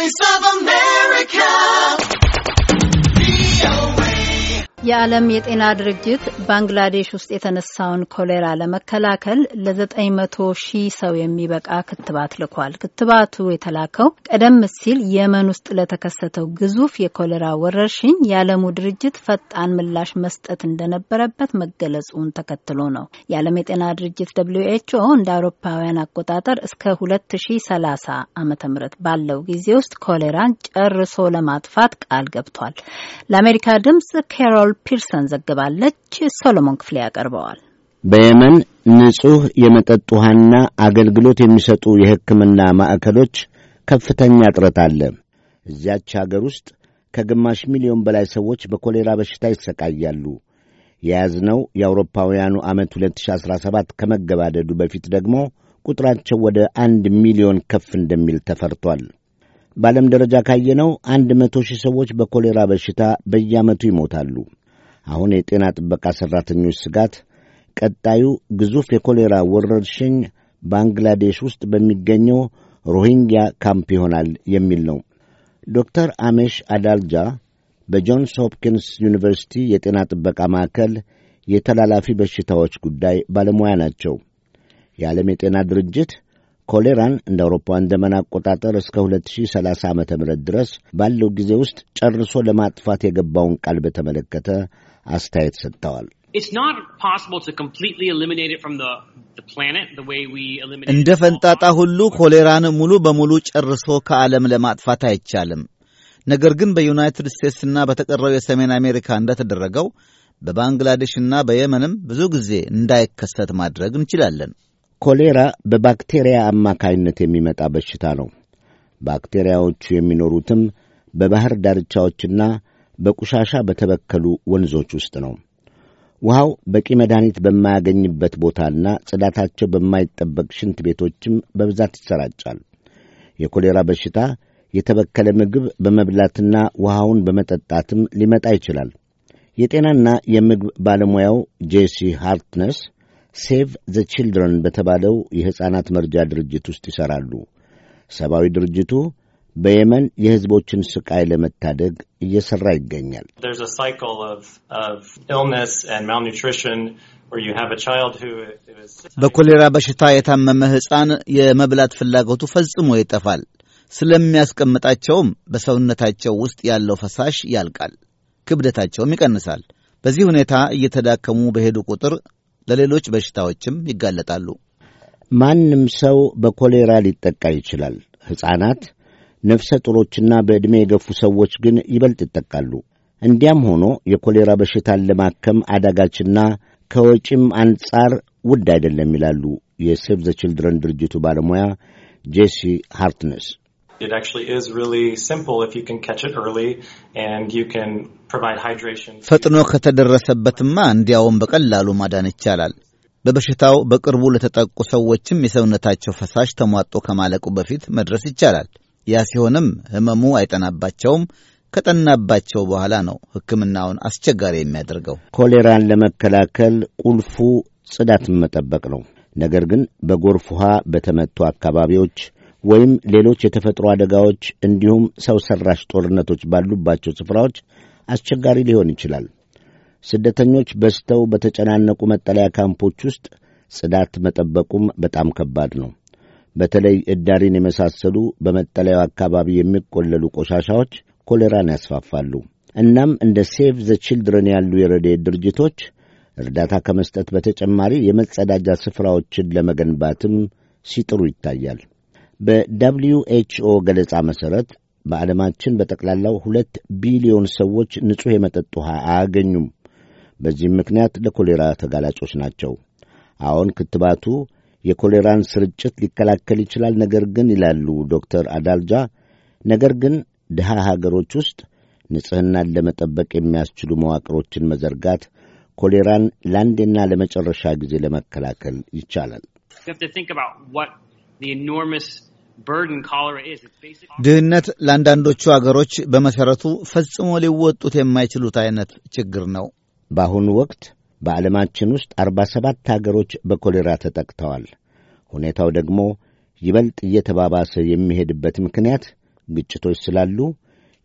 voice of የዓለም የጤና ድርጅት ባንግላዴሽ ውስጥ የተነሳውን ኮሌራ ለመከላከል ለ 900 ሺህ ሰው የሚበቃ ክትባት ልኳል። ክትባቱ የተላከው ቀደም ሲል የመን ውስጥ ለተከሰተው ግዙፍ የኮሌራ ወረርሽኝ የዓለሙ ድርጅት ፈጣን ምላሽ መስጠት እንደነበረበት መገለጹን ተከትሎ ነው። የዓለም የጤና ድርጅት ደብሊዩ ኤች ኦ እንደ አውሮፓውያን አቆጣጠር እስከ 2030 ሺ ሰላሳ ዓመተ ምህረት ባለው ጊዜ ውስጥ ኮሌራን ጨርሶ ለማጥፋት ቃል ገብቷል። ለአሜሪካ ድምጽ ኬሮል ኒኮል ፒርሰን ዘግባለች። ሶሎሞን ክፍሌ ያቀርበዋል። በየመን ንጹህ የመጠጥ ውሃና አገልግሎት የሚሰጡ የሕክምና ማዕከሎች ከፍተኛ እጥረት አለ። እዚያች አገር ውስጥ ከግማሽ ሚሊዮን በላይ ሰዎች በኮሌራ በሽታ ይሰቃያሉ። የያዝነው የአውሮፓውያኑ ዓመት 2017 ከመገባደዱ በፊት ደግሞ ቁጥራቸው ወደ አንድ ሚሊዮን ከፍ እንደሚል ተፈርቷል። በዓለም ደረጃ ካየነው አንድ መቶ ሺህ ሰዎች በኮሌራ በሽታ በየዓመቱ ይሞታሉ። አሁን የጤና ጥበቃ ሠራተኞች ስጋት ቀጣዩ ግዙፍ የኮሌራ ወረርሽኝ ባንግላዴሽ ውስጥ በሚገኘው ሮሂንግያ ካምፕ ይሆናል የሚል ነው። ዶክተር አሜሽ አዳልጃ በጆንስ ሆፕኪንስ ዩኒቨርሲቲ የጤና ጥበቃ ማዕከል የተላላፊ በሽታዎች ጉዳይ ባለሙያ ናቸው። የዓለም የጤና ድርጅት ኮሌራን እንደ አውሮፓውያን ዘመን አቆጣጠር እስከ 2030 ዓ ም ድረስ ባለው ጊዜ ውስጥ ጨርሶ ለማጥፋት የገባውን ቃል በተመለከተ አስተያየት ሰጥተዋል። እንደ ፈንጣጣ ሁሉ ኮሌራን ሙሉ በሙሉ ጨርሶ ከዓለም ለማጥፋት አይቻልም። ነገር ግን በዩናይትድ ስቴትስና በተቀረው የሰሜን አሜሪካ እንደተደረገው በባንግላዴሽና በየመንም ብዙ ጊዜ እንዳይከሰት ማድረግ እንችላለን። ኮሌራ በባክቴሪያ አማካይነት የሚመጣ በሽታ ነው። ባክቴሪያዎቹ የሚኖሩትም በባሕር ዳርቻዎችና በቆሻሻ በተበከሉ ወንዞች ውስጥ ነው። ውሃው በቂ መድኃኒት በማያገኝበት ቦታና ጽዳታቸው በማይጠበቅ ሽንት ቤቶችም በብዛት ይሰራጫል። የኮሌራ በሽታ የተበከለ ምግብ በመብላትና ውሃውን በመጠጣትም ሊመጣ ይችላል። የጤናና የምግብ ባለሙያው ጄሲ ሃርትነስ ሴቭ ዘ ቺልድረን በተባለው የሕፃናት መርጃ ድርጅት ውስጥ ይሠራሉ። ሰብአዊ ድርጅቱ በየመን የህዝቦችን ስቃይ ለመታደግ እየሰራ ይገኛል። በኮሌራ በሽታ የታመመ ሕፃን የመብላት ፍላጎቱ ፈጽሞ ይጠፋል። ስለሚያስቀምጣቸውም በሰውነታቸው ውስጥ ያለው ፈሳሽ ያልቃል፣ ክብደታቸውም ይቀንሳል። በዚህ ሁኔታ እየተዳከሙ በሄዱ ቁጥር ለሌሎች በሽታዎችም ይጋለጣሉ። ማንም ሰው በኮሌራ ሊጠቃ ይችላል። ሕፃናት ነፍሰ ጡሮችና በዕድሜ የገፉ ሰዎች ግን ይበልጥ ይጠቃሉ። እንዲያም ሆኖ የኮሌራ በሽታን ለማከም አዳጋችና ከወጪም አንጻር ውድ አይደለም ይላሉ የሴቭ ዘ ችልድረን ድርጅቱ ባለሙያ ጄሲ ሃርትነስ። ፈጥኖ ከተደረሰበትማ እንዲያውም በቀላሉ ማዳን ይቻላል። በበሽታው በቅርቡ ለተጠቁ ሰዎችም የሰውነታቸው ፈሳሽ ተሟጦ ከማለቁ በፊት መድረስ ይቻላል። ያ ሲሆንም ህመሙ አይጠናባቸውም። ከጠናባቸው በኋላ ነው ሕክምናውን አስቸጋሪ የሚያደርገው። ኮሌራን ለመከላከል ቁልፉ ጽዳትን መጠበቅ ነው። ነገር ግን በጎርፍ ውሃ በተመቱ አካባቢዎች ወይም ሌሎች የተፈጥሮ አደጋዎች እንዲሁም ሰው ሰራሽ ጦርነቶች ባሉባቸው ስፍራዎች አስቸጋሪ ሊሆን ይችላል። ስደተኞች በዝተው በተጨናነቁ መጠለያ ካምፖች ውስጥ ጽዳት መጠበቁም በጣም ከባድ ነው። በተለይ እዳሪን የመሳሰሉ በመጠለያው አካባቢ የሚቆለሉ ቆሻሻዎች ኮሌራን ያስፋፋሉ። እናም እንደ ሴቭ ዘ ችልድረን ያሉ የረድኤት ድርጅቶች እርዳታ ከመስጠት በተጨማሪ የመጸዳጃ ስፍራዎችን ለመገንባትም ሲጥሩ ይታያል። በደብልዩ ኤችኦ ገለጻ መሠረት በዓለማችን በጠቅላላው ሁለት ቢሊዮን ሰዎች ንጹሕ የመጠጥ ውሃ አያገኙም። በዚህም ምክንያት ለኮሌራ ተጋላጮች ናቸው። አሁን ክትባቱ የኮሌራን ስርጭት ሊከላከል ይችላል። ነገር ግን ይላሉ ዶክተር አዳልጃ፣ ነገር ግን ድሃ ሀገሮች ውስጥ ንጽሕናን ለመጠበቅ የሚያስችሉ መዋቅሮችን መዘርጋት ኮሌራን ለአንዴና ለመጨረሻ ጊዜ ለመከላከል ይቻላል። ድህነት ለአንዳንዶቹ አገሮች በመሠረቱ ፈጽሞ ሊወጡት የማይችሉት አይነት ችግር ነው። በአሁኑ ወቅት በዓለማችን ውስጥ አርባ ሰባት አገሮች በኮሌራ ተጠቅተዋል። ሁኔታው ደግሞ ይበልጥ እየተባባሰ የሚሄድበት ምክንያት ግጭቶች ስላሉ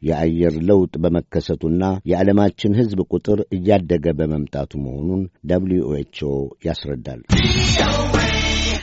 የአየር ለውጥ በመከሰቱና የዓለማችን ሕዝብ ቁጥር እያደገ በመምጣቱ መሆኑን ደብልዩ ኤች ኦ ያስረዳል።